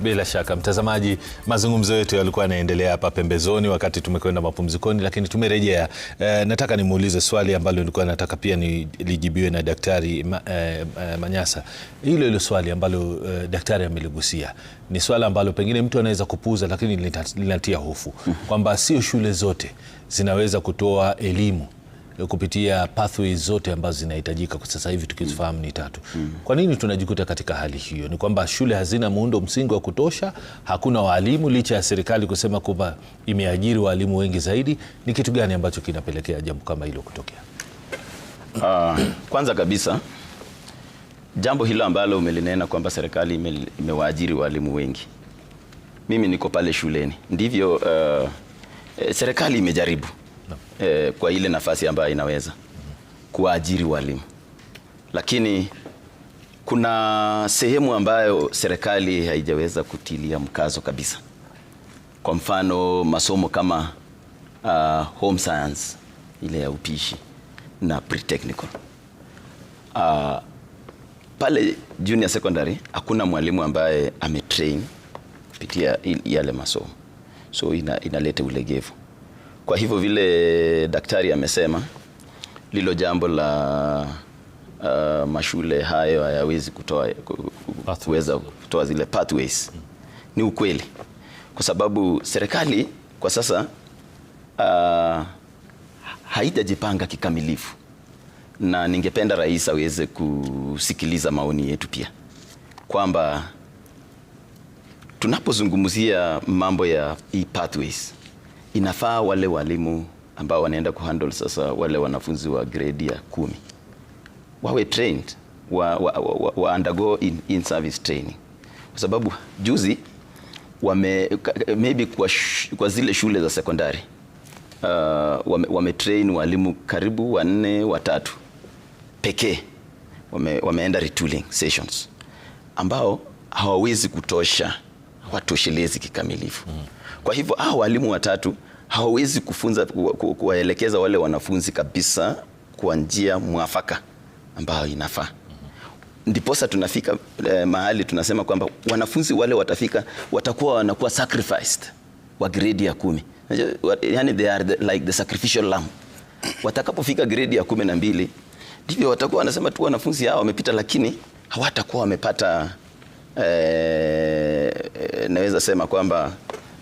Bila shaka mtazamaji, mazungumzo yetu yalikuwa yanaendelea hapa pembezoni wakati tumekwenda mapumzikoni, lakini tumerejea. E, nataka nimuulize swali ambalo nilikuwa nataka pia nilijibiwe na Daktari ma, e, Manyasa. Hilo hilo swali ambalo e, daktari ameligusia ni swala ambalo pengine mtu anaweza kupuuza, lakini linatia hofu mm. kwamba sio shule zote zinaweza kutoa elimu kupitia pathways zote ambazo zinahitajika kwa sasa hivi tukizifahamu mm. ni tatu mm. Kwa nini tunajikuta katika hali hiyo? Ni kwamba shule hazina muundo msingi wa kutosha, hakuna waalimu, licha ya serikali kusema kwamba imeajiri waalimu wengi zaidi. Ni kitu gani ambacho kinapelekea jambo kama hilo kutokea? Uh, kwanza kabisa jambo hilo ambalo umelinena kwamba serikali ime, imewaajiri walimu wengi, mimi niko pale shuleni ndivyo. Uh, serikali imejaribu eh, kwa ile nafasi ambayo inaweza kuwaajiri walimu, lakini kuna sehemu ambayo serikali haijaweza kutilia mkazo kabisa. Kwa mfano masomo kama uh, home science ile ya upishi na pre-technical uh, pale junior secondary hakuna mwalimu ambaye ametrain kupitia yale masomo, so inaleta ina ulegevu. Kwa hivyo vile daktari amesema lilo jambo la uh, mashule hayo hayawezi kutoa kuweza kutoa zile pathways ni ukweli, kwa sababu serikali kwa sasa uh, haijajipanga kikamilifu, na ningependa rais aweze kusikiliza maoni yetu pia kwamba tunapozungumzia mambo ya e-pathways inafaa wale walimu ambao wanaenda kuhandle sasa wale wanafunzi wa grade ya kumi wawe trained wa, wa, wa, wa undergo in, in service training kwa sababu juzi wame maybe kwa, sh, kwa zile shule za sekondari uh, wame, wame train walimu karibu wanne watatu pekee wame, wameenda retooling sessions ambao hawawezi kutosha watoshelezi kikamilifu mm. Kwa hivyo hao walimu watatu hawawezi kufunza kuwaelekeza wale wanafunzi kabisa kwa njia mwafaka ambayo inafaa. Ndiposa tunafika eh, mahali tunasema kwamba wanafunzi wale watafika watakuwa wanakuwa sacrificed wa grade ya kumi, yani they are the, like the sacrificial lamb. Watakapofika grade ya kumi na mbili ndivyo watakuwa wanasema tu wanafunzi hao wamepita, lakini hawatakuwa wamepata eh, eh naweza sema kwamba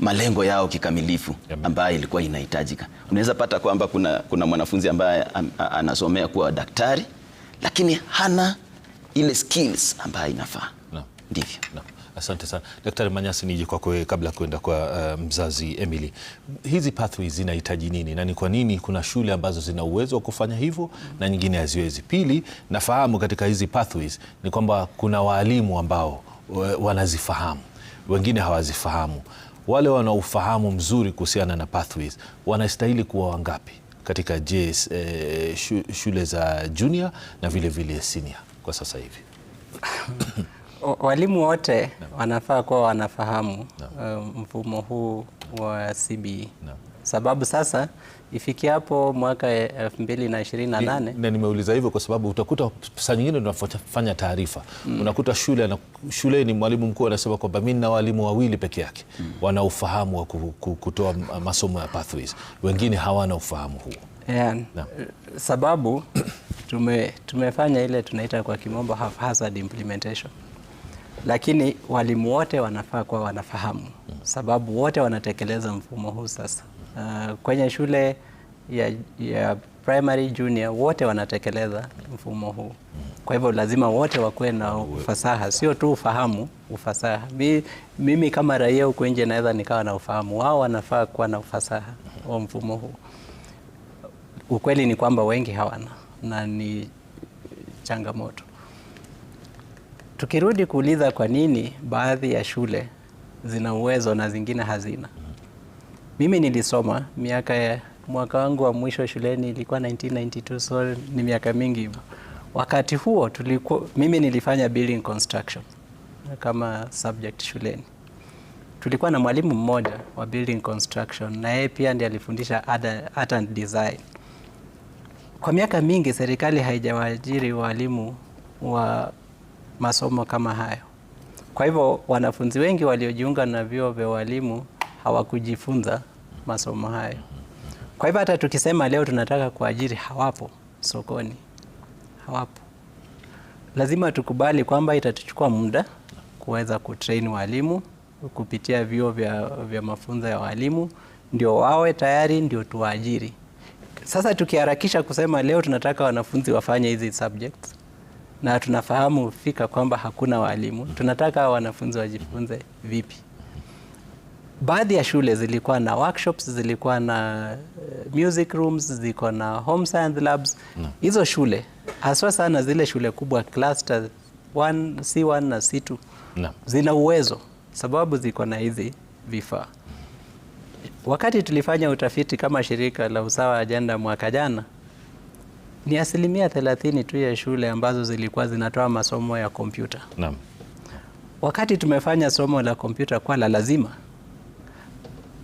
malengo yao kikamilifu ambayo ilikuwa inahitajika. Unaweza pata kwamba kuna, kuna mwanafunzi ambaye anasomea kuwa daktari lakini hana ile skills ambayo inafaa. No. Ndivyo. No. Asante sana Daktari Manyasi, nije kwako kabla kuenda kwa uh, mzazi Emily, hizi pathways zinahitaji nini na ni kwa nini kuna shule ambazo zina uwezo wa kufanya hivyo na nyingine haziwezi? Pili, nafahamu katika hizi pathways ni kwamba kuna waalimu ambao uh, wanazifahamu, wengine hawazifahamu wale wanaofahamu mzuri kuhusiana na pathways wanastahili kuwa wangapi katika JS, eh, shule za junior na vile vile senior kwa sasa hivi? Walimu wote wanafaa kuwa wanafahamu uh, mfumo huu wa CBE sababu sasa ifikiapo hapo mwaka 2028. na nimeuliza hivyo kwa sababu utakuta saa nyingine tunafanya taarifa mm. Unakuta shule na shuleni mwalimu mkuu anasema kwamba mimi na walimu wawili peke yake mm. wana ufahamu wa kutoa masomo ya pathways, wengine hawana ufahamu huo yeah. Sababu tume, tumefanya ile tunaita kwa kimombo hazard implementation, lakini walimu wote wanafaa kuwa wanafahamu mm. sababu wote wanatekeleza mfumo huu sasa Eh, kwenye shule ya, ya primary junior wote wanatekeleza mfumo huu. Kwa hivyo lazima wote wakuwe na ufasaha, sio tu ufahamu, ufasaha. Mi, mimi kama raia huko nje naweza nikawa na ufahamu, wao wanafaa kuwa na ufasaha wa mfumo huu. Ukweli ni kwamba wengi hawana na ni changamoto. Tukirudi kuuliza kwa nini baadhi ya shule zina uwezo na zingine hazina, mimi nilisoma miaka ya mwaka wangu wa mwisho shuleni ilikuwa 1992, so ni miaka mingi hivyo. Wakati huo tulikuwa, mimi nilifanya building construction kama subject shuleni. Tulikuwa na mwalimu mmoja wa building construction na yeye pia ndiye alifundisha art and design. Kwa miaka mingi serikali haijawaajiri walimu wa masomo kama hayo. Kwa hivyo wanafunzi wengi waliojiunga na vyuo vya walimu hawakujifunza masomo hayo. Kwa hivyo hata tukisema leo tunataka kuajiri, hawapo sokoni, hawapo. Lazima tukubali kwamba itatuchukua muda kuweza kutrain walimu kupitia vyuo vya, vya mafunzo ya walimu ndio wawe tayari, ndio tuwaajiri. Sasa tukiharakisha kusema leo tunataka wanafunzi wafanye hizi subjects na tunafahamu fika kwamba hakuna walimu, tunataka wanafunzi wajifunze vipi? baadhi ya shule zilikuwa na workshops, zilikuwa na eh, music rooms, ziko na home science labs no. Hizo shule haswa sana zile shule kubwa cluster 1 C1 na C2 no. Zina uwezo sababu ziko na hizi vifaa. Wakati tulifanya utafiti kama shirika la Usawa Ajenda mwaka jana, ni asilimia 30 tu ya shule ambazo zilikuwa zinatoa masomo ya kompyuta no. Wakati tumefanya somo la kompyuta kwa la lazima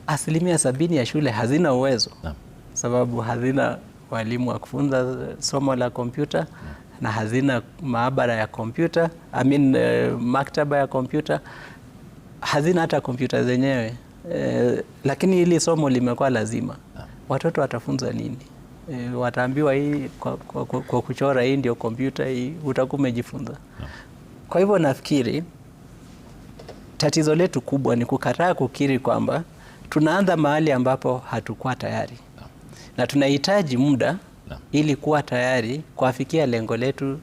asilimia sabini ya shule hazina uwezo na, sababu hazina walimu wa kufunza eh, somo la kompyuta na, na hazina maabara ya kompyuta I mean, uh, maktaba ya kompyuta hazina hata kompyuta zenyewe eh, lakini hili somo limekuwa lazima na, watoto watafunza nini? E, wataambiwa hii kwa, kwa, kwa, kwa kuchora hii ndio kompyuta hii utakuwa umejifunza no. Kwa hivyo nafikiri tatizo letu kubwa ni kukataa kukiri kwamba tunaanza mahali ambapo hatukuwa tayari na tunahitaji muda ili kuwa tayari kuafikia lengo letu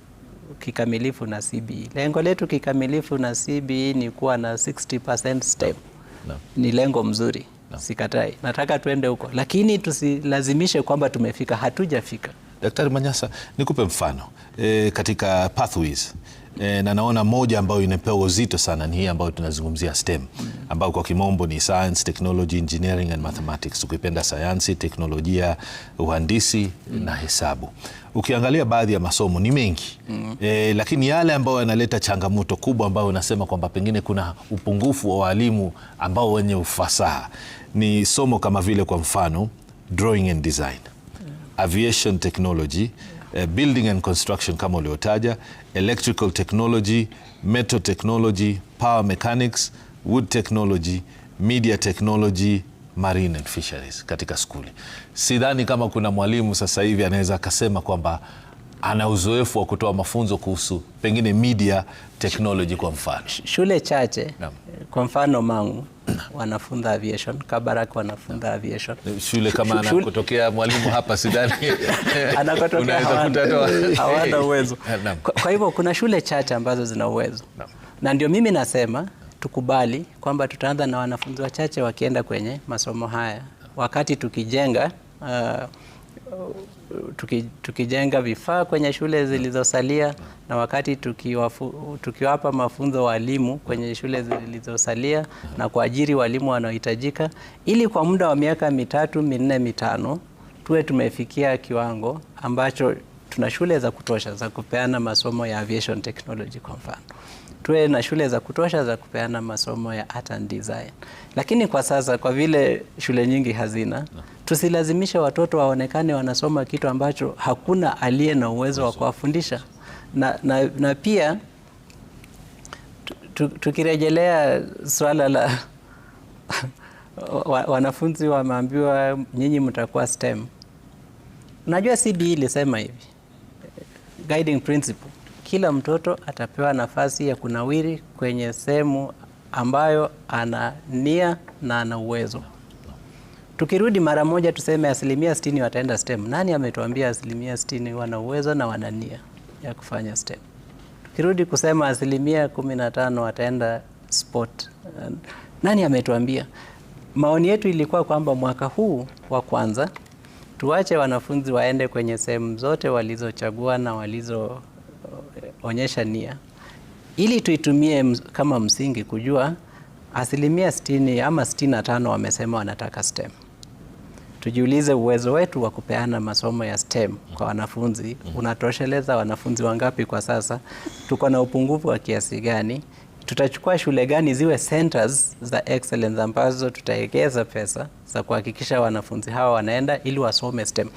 kikamilifu na CBE. Lengo letu kikamilifu na CBE ni kuwa na 60% STEM. No. No. Ni lengo mzuri no. Sikatai, nataka tuende huko, lakini tusilazimishe kwamba tumefika, hatujafika. Daktari Manyasa, nikupe mfano e, katika pathways e, na naona moja ambayo inapewa uzito sana ni hii ambayo tunazungumzia STEM, ambayo kwa kimombo ni science, technology, engineering and mathematics, ukipenda sayansi, teknolojia, uhandisi mm. na hesabu. Ukiangalia baadhi ya masomo ni mengi mm. e, lakini yale ambayo yanaleta changamoto kubwa ambayo unasema kwamba pengine kuna upungufu wa walimu ambao wenye ufasaha ni somo kama vile kwa mfano drawing and design, mm. aviation technology mm uh, building and construction kama uliotaja, electrical technology, metal technology, power mechanics, wood technology, media technology, marine and fisheries katika skuli. Sidhani kama kuna mwalimu sasa hivi anaweza akasema kwamba ana uzoefu wa kutoa mafunzo kuhusu pengine media technology kwa mfano. Shule chache kwa mfano Mang'u wanafunza aviation, Kabarak wanafunza aviation. Shule kama anakotokea mwalimu hapa sidhani anakotokea hawana uwezo. Kwa, kwa hivyo kuna shule chache ambazo zina uwezo na ndio mimi nasema tukubali kwamba tutaanza na wanafunzi wachache wakienda kwenye masomo haya wakati tukijenga uh, tuki, tukijenga vifaa kwenye shule zilizosalia na wakati tukiwafu, tukiwapa mafunzo walimu kwenye shule zilizosalia na kuajiri walimu wanaohitajika, ili kwa muda wa miaka mitatu minne mitano tuwe tumefikia kiwango ambacho tuna shule za kutosha za kupeana masomo ya aviation technology kwa mfano tuwe na shule za kutosha za kupeana masomo ya art and design. Lakini kwa sasa kwa vile shule nyingi hazina, tusilazimishe watoto waonekane wanasoma kitu ambacho hakuna aliye na uwezo wa kuwafundisha. Na, na, na pia tukirejelea swala la wanafunzi wameambiwa nyinyi mtakuwa STEM. Unajua CBE ilisema hivi guiding principle kila mtoto atapewa nafasi ya kunawiri kwenye sehemu ambayo ana nia na ana uwezo. Tukirudi mara moja, tuseme asilimia sitini wataenda STEM. Nani ametuambia asilimia sitini wana uwezo na wana nia ya kufanya STEM? Tukirudi kusema asilimia kumi na tano wataenda sport, nani ametuambia? Maoni yetu ilikuwa kwamba mwaka huu wa kwanza tuache wanafunzi waende kwenye sehemu zote walizochagua na walizo onyesha nia ili tuitumie kama msingi kujua asilimia sitini ama sitini na tano wamesema wanataka STEM. Tujiulize uwezo wetu wa kupeana masomo ya STEM kwa wanafunzi unatosheleza wanafunzi wangapi kwa sasa? Tuko na upungufu wa kiasi gani? Tutachukua shule gani ziwe centers za excellence ambazo tutaegeza pesa za kuhakikisha wanafunzi hawa wanaenda ili wasome STEM.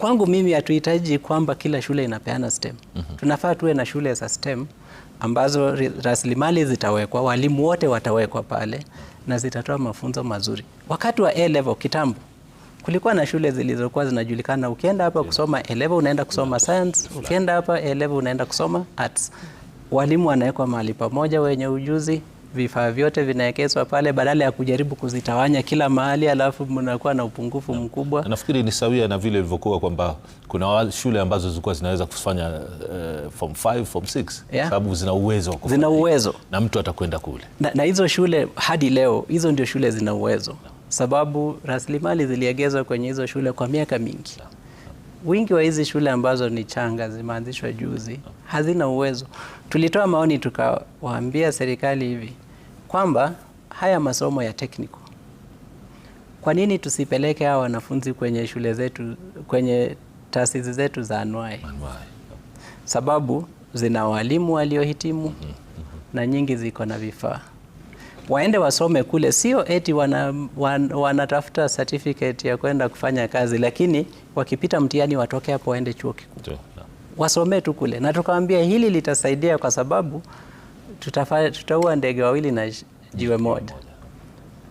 Kwangu mimi hatuhitaji kwamba kila shule inapeana STEM. mm -hmm. Tunafaa tuwe na shule za STEM ambazo rasilimali zitawekwa, walimu wote watawekwa pale na zitatoa mafunzo mazuri. Wakati wa A level kitambo kulikuwa na shule zilizokuwa zinajulikana, ukienda hapa kusoma A level unaenda kusoma science, ukienda hapa A level unaenda kusoma arts. Walimu wanawekwa mahali pamoja wenye ujuzi vifaa vyote vinawekezwa pale badala ya kujaribu kuzitawanya kila mahali, alafu mnakuwa na upungufu mkubwa. Nafikiri ni sawia na vile ilivyokuwa kwamba kuna shule ambazo zilikuwa zinaweza kufanya uh, form 5 form 6 yeah, sababu zina uwezo kufanya, zina uwezo na mtu atakwenda kule na, na hizo shule hadi leo hizo ndio shule zina uwezo no, sababu rasilimali ziliegezwa kwenye hizo shule kwa miaka mingi no. Wingi wa hizi shule ambazo ni changa zimeanzishwa juzi hazina uwezo. Tulitoa maoni tukawaambia serikali hivi kwamba haya masomo ya technical, kwa nini tusipeleke hawa wanafunzi kwenye shule zetu, kwenye taasisi zetu za anuai? Sababu zina walimu waliohitimu mm -hmm. na nyingi ziko na vifaa waende wasome kule, sio eti wanatafuta wana, wana certificate ya kwenda kufanya kazi, lakini wakipita mtihani watoke hapo waende chuo kikuu wasome tu kule, na tukawaambia hili litasaidia kwa sababu tutaua ndege wawili na jiwe moja.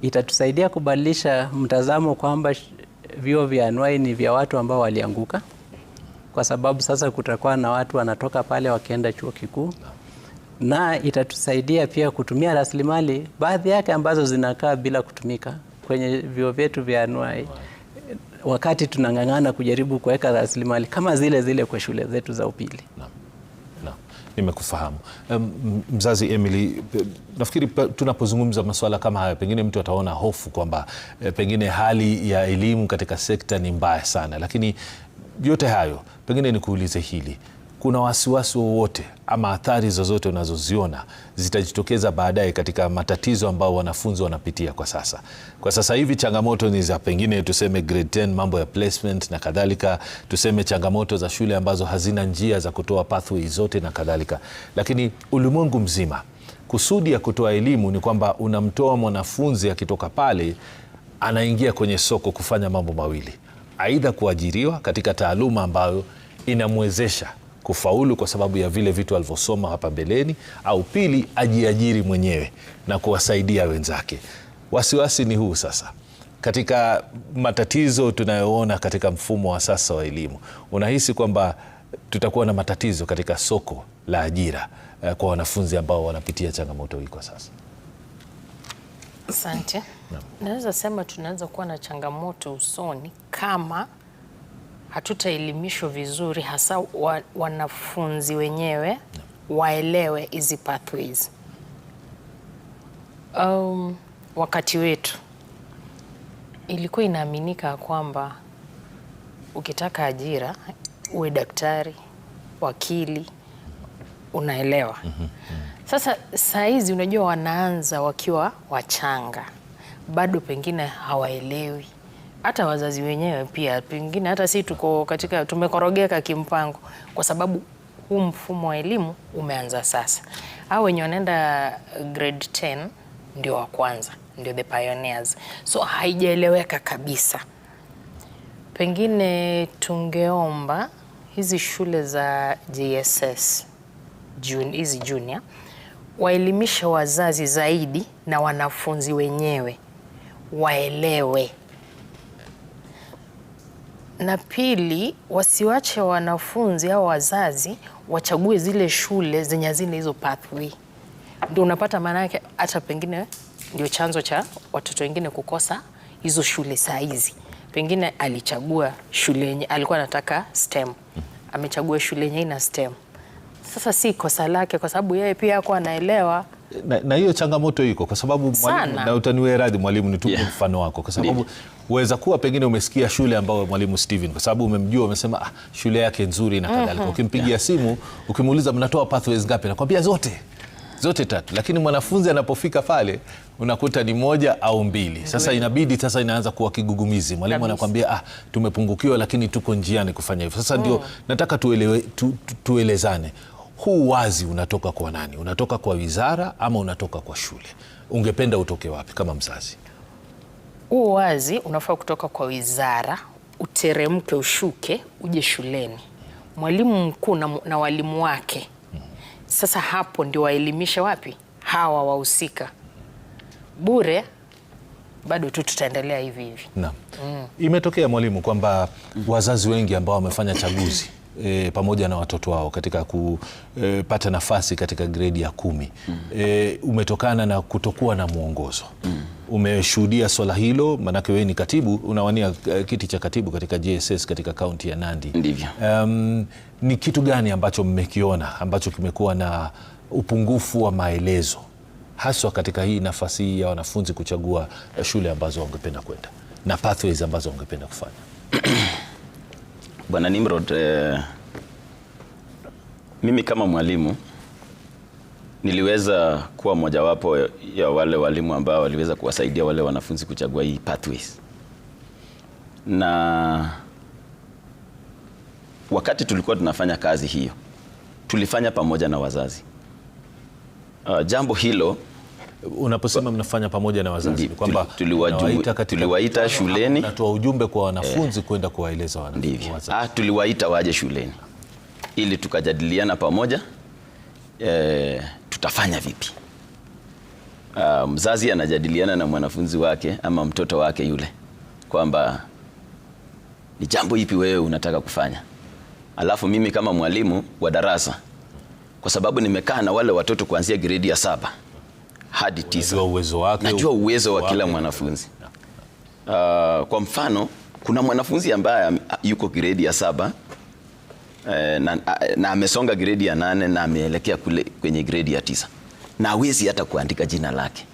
Itatusaidia kubadilisha mtazamo kwamba vyuo vya anuai ni vya watu ambao walianguka, kwa sababu sasa kutakuwa na watu wanatoka pale wakienda chuo kikuu, na itatusaidia pia kutumia rasilimali baadhi yake ambazo zinakaa bila kutumika kwenye vyuo vyetu vya anuai wakati tunang'ang'ana kujaribu kuweka rasilimali kama zile zile kwa shule zetu za upili. Nimekufahamu mzazi Emily, nafikiri tunapozungumza masuala kama haya, pengine mtu ataona hofu kwamba e, pengine hali ya elimu katika sekta ni mbaya sana, lakini yote hayo, pengine nikuulize hili kuna wasiwasi wowote ama athari zozote unazoziona zitajitokeza baadaye katika matatizo ambayo wanafunzi wanapitia kwa sasa? Kwa sasa hivi changamoto ni za pengine tuseme grade 10 mambo ya placement na kadhalika, tuseme changamoto za shule ambazo hazina njia za kutoa pathway zote na kadhalika, lakini ulimwengu mzima kusudi ya kutoa elimu ni kwamba unamtoa mwanafunzi akitoka pale anaingia kwenye soko kufanya mambo mawili, aidha kuajiriwa katika taaluma ambayo inamwezesha kufaulu kwa sababu ya vile vitu alivyosoma hapa mbeleni, au pili ajiajiri mwenyewe na kuwasaidia wenzake. Wasiwasi ni huu sasa katika matatizo tunayoona katika mfumo wa sasa wa elimu, unahisi kwamba tutakuwa na matatizo katika soko la ajira eh, kwa wanafunzi ambao wanapitia changamoto hii kwa sasa? Asante. Naweza sema tunaweza kuwa na changamoto usoni kama hatutaelimishwa vizuri, hasa wa, wanafunzi wenyewe waelewe hizi pathways. Um, wakati wetu ilikuwa inaaminika kwamba ukitaka ajira uwe daktari, wakili, unaelewa. Sasa saizi, hizi unajua, wanaanza wakiwa wachanga, bado pengine hawaelewi hata wazazi wenyewe pia pengine hata si tuko katika tumekorogeka kimpango, kwa sababu huu mfumo wa elimu umeanza sasa. Hao wenye wanaenda uh, grade 10 ndio wa kwanza, ndio the pioneers, so haijaeleweka kabisa. Pengine tungeomba hizi shule za JSS jun, hizi junior waelimishe wazazi zaidi na wanafunzi wenyewe waelewe na pili, wasiwache wanafunzi au wazazi wachague zile shule zenye hazina hizo pathway. Ndio unapata maana yake, hata pengine ndio chanzo cha watoto wengine kukosa hizo shule saa hizi. Pengine alichagua shule yenye alikuwa anataka STEM, amechagua shule yenye ina STEM. Sasa si kosa lake, kwa sababu yeye pia hakuwa anaelewa na hiyo changamoto iko kwa sababu mwalimu, na utaniwe radhi mwalimu, nitupe yeah. mfano wako kwa sababu uweza kuwa pengine umesikia shule ambayo mwalimu Steven, kwa sababu umemjua, umesema ah, shule yake nzuri na kadhalika mm -hmm. ukimpigia yeah. simu ukimuuliza mnatoa pathways ngapi, nakwambia zote zote tatu, lakini mwanafunzi anapofika pale unakuta ni moja au mbili. Sasa inabidi sasa inaanza kuwa kigugumizi, mwalimu anakuambia ah, tumepungukiwa, lakini tuko njiani kufanya hivyo. Sasa ndio mm. nataka tuelewe, tu, tu, tuelezane huu wazi unatoka kwa nani? Unatoka kwa wizara ama unatoka kwa shule? Ungependa utoke wapi kama mzazi? Huu wazi unafaa kutoka kwa wizara, uteremke, ushuke, uje shuleni, mwalimu mkuu na, na walimu wake. Sasa hapo ndio waelimishe wapi hawa wahusika. Bure bado tu tutaendelea hivi hivi. Naam. Mm. Imetokea mwalimu, kwamba mm. wazazi wengi ambao wamefanya chaguzi e, pamoja na watoto wao katika kupata eh, e, nafasi katika gredi ya kumi mm. e, umetokana na kutokuwa na mwongozo mm. Umeshuhudia swala hilo, maanake wewe ni katibu, unawania kiti cha katibu katika JSS katika kaunti ya Nandi. Ndivyo. Um, ni kitu gani ambacho mmekiona ambacho kimekuwa na upungufu wa maelezo haswa katika hii nafasi hii ya wanafunzi kuchagua shule ambazo wangependa kwenda na pathways ambazo wangependa kufanya? Bwana Nimrod, eh, mimi kama mwalimu niliweza kuwa mojawapo ya wale walimu ambao waliweza kuwasaidia wale wanafunzi kuchagua hii pathways. Na wakati tulikuwa tunafanya kazi hiyo, tulifanya pamoja na wazazi. Uh, jambo hilo Unaposema mnafanya pamoja na wazazi kwamba tuliwaita shuleni, natoa ujumbe kwa wanafunzi eh, kwenda kuwaeleza wanafunzi. Ah, tuliwaita waje shuleni ili tukajadiliana pamoja eh, tutafanya vipi. Ah, mzazi anajadiliana na mwanafunzi wake ama mtoto wake yule kwamba ni jambo ipi wewe unataka kufanya, alafu mimi kama mwalimu wa darasa, kwa sababu nimekaa na wale watoto kuanzia gredi ya saba hadi tisa. Najua uwezo wake, najua uwezo wa kila mwanafunzi uh, kwa mfano kuna mwanafunzi ambaye yuko gredi ya saba eh, na, na amesonga gredi ya nane na ameelekea kule kwenye gredi ya tisa na hawezi hata kuandika jina lake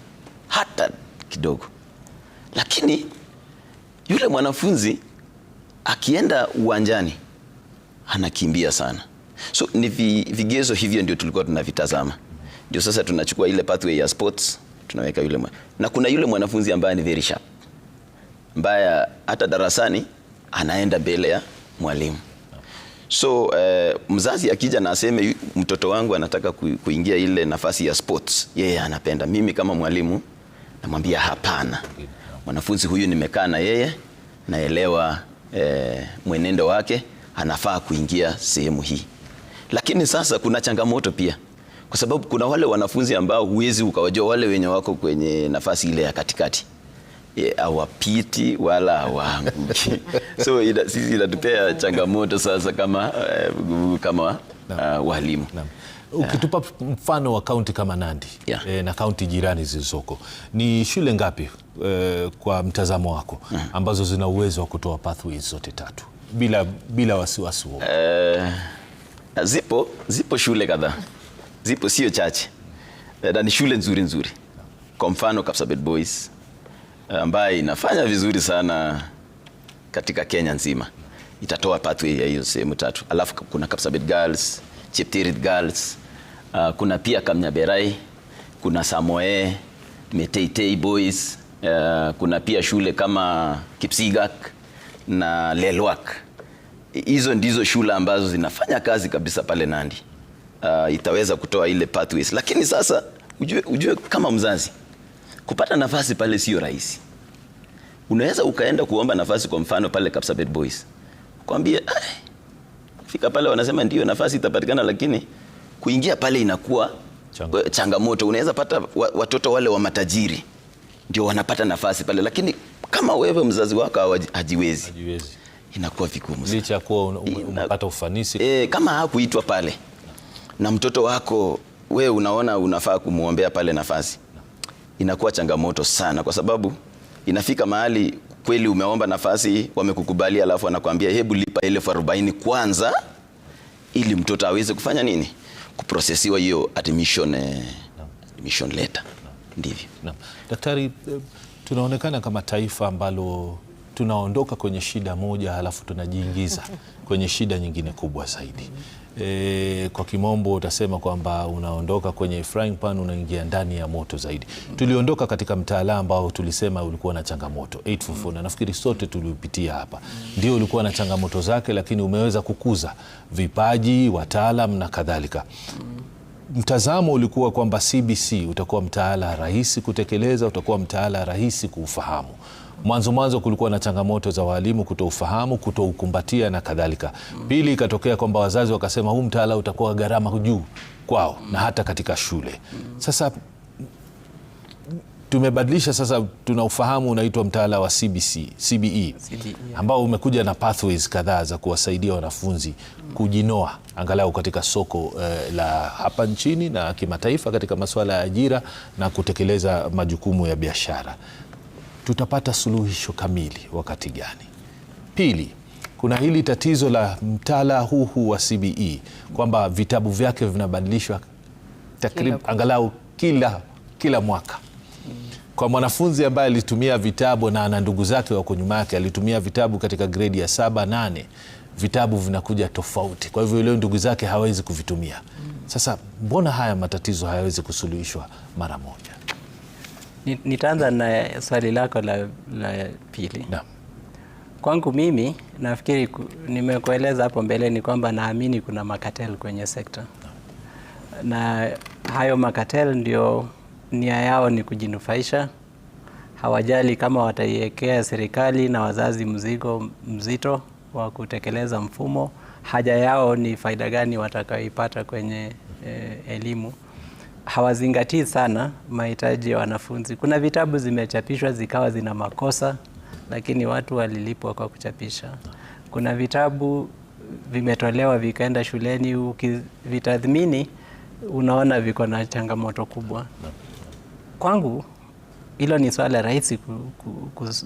hata kidogo, lakini yule mwanafunzi akienda uwanjani anakimbia sana. So ni vigezo hivyo ndio tulikuwa tunavitazama ndio sasa tunachukua ile pathway ya sports tunaweka yule mwana. Na kuna yule mwanafunzi ambaye ni very sharp ambaye hata darasani anaenda mbele ya mwalimu. So eh, mzazi akija na aseme mtoto wangu anataka kuingia ile nafasi ya sports, yeye yeah, anapenda. Mimi kama mwalimu namwambia hapana, mwanafunzi huyu nimekaa na yeye, naelewa eh, mwenendo wake, anafaa kuingia sehemu hii. Lakini sasa kuna changamoto pia kwa sababu kuna wale wanafunzi ambao huwezi ukawajua, wale wenye wako kwenye nafasi ile ya katikati hawapiti yeah, wala hawaanguki so ina, sisi inatupea changamoto sasa kama, uh, kama uh, walimu ukitupa Ukitupa ah. mfano wa kaunti kama Nandi yeah. eh, na kaunti jirani zilizoko ni shule ngapi eh, kwa mtazamo wako mm ambazo zina uwezo wa kutoa pathways zote tatu bila, bila wasiwasi wote? eh, zipo, zipo shule kadhaa zipo sio chache eh, na ni shule nzuri nzuri. Kwa mfano Kapsabet Boys eh, ambaye inafanya vizuri sana katika Kenya nzima, itatoa pathway ya hiyo sehemu tatu. Alafu kuna Kapsabet Girls, Cheptirit Girls, uh, kuna pia Kamnyaberai, kuna Samoe, Meteitei Boys, uh, kuna pia shule kama Kipsigak na Lelwak. Hizo ndizo shule ambazo zinafanya kazi kabisa pale Nandi uh, itaweza kutoa ile pathways, lakini sasa ujue, ujue kama mzazi kupata nafasi pale sio rahisi. Unaweza ukaenda kuomba nafasi kwa mfano pale Kapsabet Boys, kwambie fika pale, wanasema ndio nafasi itapatikana, lakini kuingia pale inakuwa Changa. Eh, changamoto. Unaweza pata watoto wale wa matajiri ndio wanapata nafasi pale, lakini kama wewe mzazi wako hajiwezi, inakuwa vigumu licha ya kuwa umepata ufanisi e, kama hakuitwa pale na mtoto wako we unaona unafaa kumwombea pale nafasi, inakuwa changamoto sana, kwa sababu inafika mahali kweli umeomba nafasi, wamekukubalia, alafu anakuambia hebu lipa elfu arobaini kwanza, ili mtoto aweze kufanya nini, kuprosesiwa hiyo admission, eh, admission letter. Ndivyo daktari, eh, tunaonekana kama taifa ambalo tunaondoka kwenye shida moja halafu tunajiingiza kwenye shida nyingine kubwa zaidi e, kwa kimombo utasema kwamba unaondoka kwenye frying pan unaingia ndani ya moto zaidi. Tuliondoka katika mtaala ambao tulisema ulikuwa na changamoto 844 na nafikiri sote tuliupitia hapa, ndio ulikuwa na changamoto zake, lakini umeweza kukuza vipaji, wataalam na kadhalika mtazamo ulikuwa kwamba CBC utakuwa mtaala rahisi kutekeleza, utakuwa mtaala rahisi kuufahamu. Mwanzo mwanzo kulikuwa na changamoto za walimu kutoufahamu, kutoukumbatia na kadhalika. Pili ikatokea kwamba wazazi wakasema huu mtaala utakuwa gharama juu kwao na hata katika shule. Sasa tumebadilisha sasa, tuna ufahamu unaitwa mtaala wa CBC, CBE e. ambao umekuja na pathways kadhaa za kuwasaidia wanafunzi kujinoa angalau katika soko eh, la hapa nchini na kimataifa katika masuala ya ajira na kutekeleza majukumu ya biashara tutapata suluhisho kamili wakati gani? Pili, kuna hili tatizo la mtaala huu huu wa CBE kwamba vitabu vyake vinabadilishwa takriban angalau kila, kila mwaka mm. kwa mwanafunzi ambaye alitumia vitabu na ana ndugu zake wako nyuma yake, alitumia vitabu katika gredi ya saba nane, vitabu vinakuja tofauti. Kwa hivyo leo ndugu zake hawezi kuvitumia. Mm. Sasa mbona haya matatizo hayawezi kusuluhishwa mara moja? Nitaanza na swali lako la, la pili na. Kwangu mimi nafikiri nimekueleza hapo mbeleni kwamba naamini kuna makatel kwenye sekta na, na hayo makatel ndio nia yao ni kujinufaisha. Hawajali kama wataiwekea serikali na wazazi mzigo mzito wa kutekeleza mfumo. Haja yao ni faida gani watakaipata kwenye eh, elimu hawazingatii sana mahitaji ya wanafunzi. Kuna vitabu zimechapishwa zikawa zina makosa, lakini watu walilipwa kwa kuchapisha. Kuna vitabu vimetolewa vikaenda shuleni, ukivitathmini unaona viko na changamoto kubwa. Kwangu hilo ni swala rahisi,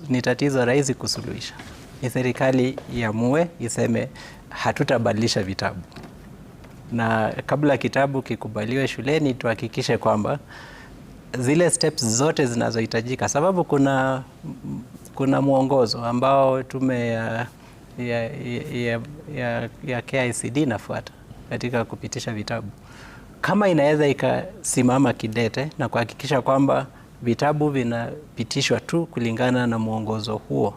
ni tatizo rahisi kusuluhisha. Ni serikali iamue, iseme hatutabadilisha vitabu na kabla kitabu kikubaliwe shuleni tuhakikishe kwamba zile steps zote zinazohitajika, sababu kuna, kuna mwongozo ambao tume ya, ya, ya, ya, ya KICD inafuata katika kupitisha vitabu. Kama inaweza ikasimama kidete na kuhakikisha kwamba vitabu vinapitishwa tu kulingana na mwongozo huo,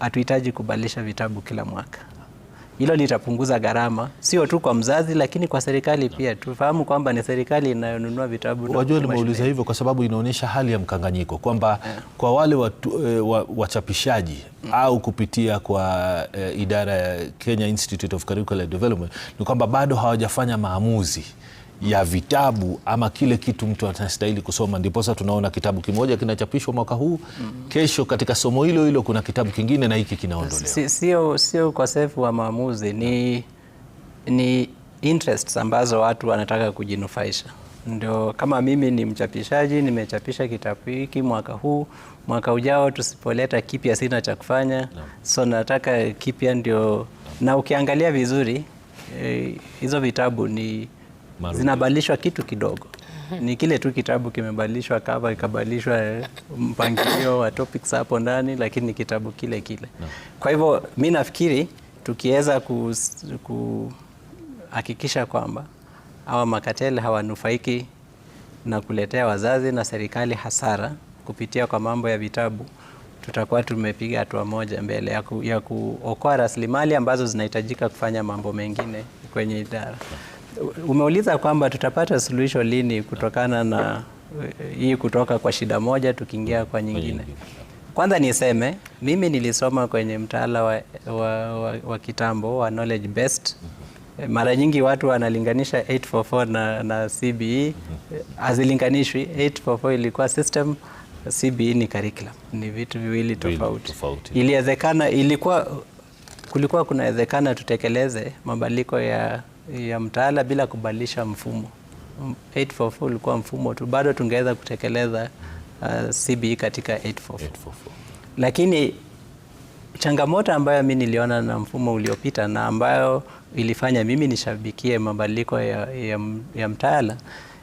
hatuhitaji kubadilisha vitabu kila mwaka hilo litapunguza gharama sio tu kwa mzazi, lakini kwa serikali pia. Tufahamu kwamba ni serikali inayonunua vitabu. Wajua, nimeuliza hivyo kwa sababu inaonyesha hali ya mkanganyiko kwamba yeah. kwa wale watu, e, wachapishaji mm. au kupitia kwa e, idara ya Kenya Institute of Curricular Development ni kwamba bado hawajafanya maamuzi ya vitabu ama kile kitu mtu anastahili kusoma. Ndiposa tunaona kitabu kimoja kinachapishwa mwaka huu mm -hmm. Kesho katika somo hilo hilo kuna kitabu kingine na hiki kinaondolewa. Sio, sio wa maamuzi, ni, ni interests ambazo watu wanataka kujinufaisha. Ndio, kama mimi ni mchapishaji, nimechapisha kitabu hiki mwaka huu, mwaka ujao tusipoleta kipya sina cha kufanya no. So nataka kipya ndio no. Na ukiangalia vizuri eh, hizo vitabu ni zinabadilishwa kitu kidogo ni kile tu kitabu kimebadilishwa kava, ikabadilishwa mpangilio wa topics hapo ndani, lakini ni kitabu kile kile no. Kwa hivyo mi nafikiri tukiweza kuhakikisha kwamba hawa makateli hawanufaiki na kuletea wazazi na serikali hasara kupitia kwa mambo ya vitabu, tutakuwa tumepiga hatua moja mbele ya, ya kuokoa rasilimali ambazo zinahitajika kufanya mambo mengine kwenye idara no. Umeuliza kwamba tutapata suluhisho lini kutokana na hii kutoka kwa shida moja tukiingia kwa nyingine. Kwanza niseme mimi nilisoma kwenye mtaala wa, wa, wa, wa kitambo wa knowledge based. Mara nyingi watu wanalinganisha 844 na, na CBE hazilinganishwi. 844 ilikuwa system, CBE ni curriculum, ni vitu viwili tofauti, tofauti. Iliwezekana, ilikuwa kulikuwa kunawezekana tutekeleze mabadiliko ya ya mtaala bila kubadilisha mfumo. 844 ulikuwa mfumo tu, bado tungeweza kutekeleza uh, CBE katika 844. 844. Lakini changamoto ambayo mimi niliona na mfumo uliopita na ambayo ilifanya mimi nishabikie mabadiliko ya, ya, ya mtaala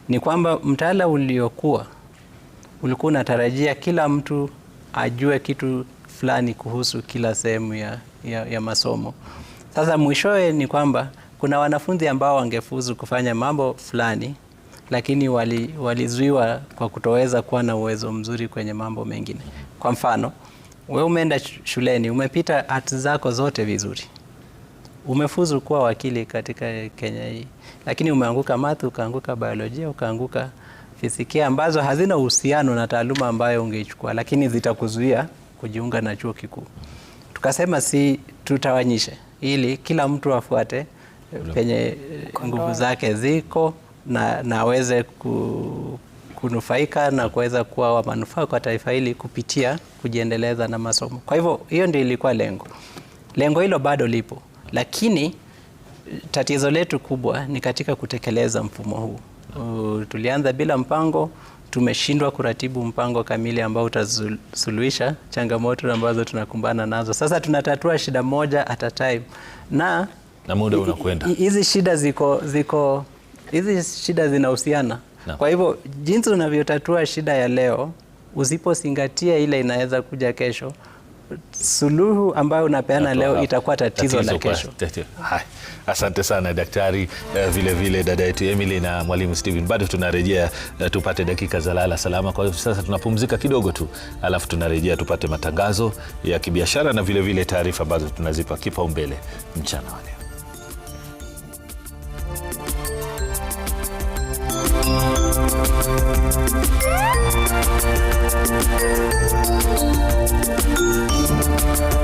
ni kwamba mtaala uliokuwa ulikuwa unatarajia kila mtu ajue kitu fulani kuhusu kila sehemu ya, ya, ya masomo. Sasa mwishowe ni kwamba kuna wanafunzi ambao wangefuzu kufanya mambo fulani lakini wali, walizuiwa kwa kutoweza kuwa na uwezo mzuri kwenye mambo mengine. Kwa mfano, we umeenda shuleni, umepita hati zako zote vizuri, umefuzu kuwa wakili katika Kenya hii, lakini umeanguka math, ukaanguka biolojia, ukaanguka fizikia, ambazo hazina uhusiano na taaluma ambayo ungeichukua, lakini zitakuzuia kujiunga na chuo kikuu. Tukasema si tutawanyishe, ili kila mtu afuate penye nguvu zake ziko na, naweze ku, kunufaika na kuweza kuwa wa manufaa kwa taifa hili kupitia kujiendeleza na masomo. Kwa hivyo hiyo ndio ilikuwa lengo. Lengo hilo bado lipo, lakini tatizo letu kubwa ni katika kutekeleza mfumo huu. Uh, tulianza bila mpango, tumeshindwa kuratibu mpango kamili ambao utasuluhisha changamoto ambazo tunakumbana nazo. Sasa tunatatua shida moja at a time na na muda unakwenda. Hizi shida ziko ziko hizi shida zinahusiana no. Kwa hivyo jinsi unavyotatua shida ya leo, usipozingatia ile inaweza kuja kesho, suluhu ambayo unapeana leo itakuwa tatizo la kesho. Asante sana daktari, vilevile eh, uh, vile dada yetu Emily na mwalimu Steven. Bado tunarejea uh, tupate dakika za lala salama. Kwa hiyo sasa tunapumzika kidogo tu, alafu tunarejea tupate matangazo ya kibiashara na vilevile taarifa ambazo tunazipa kipaumbele mchana wa leo. Thank you.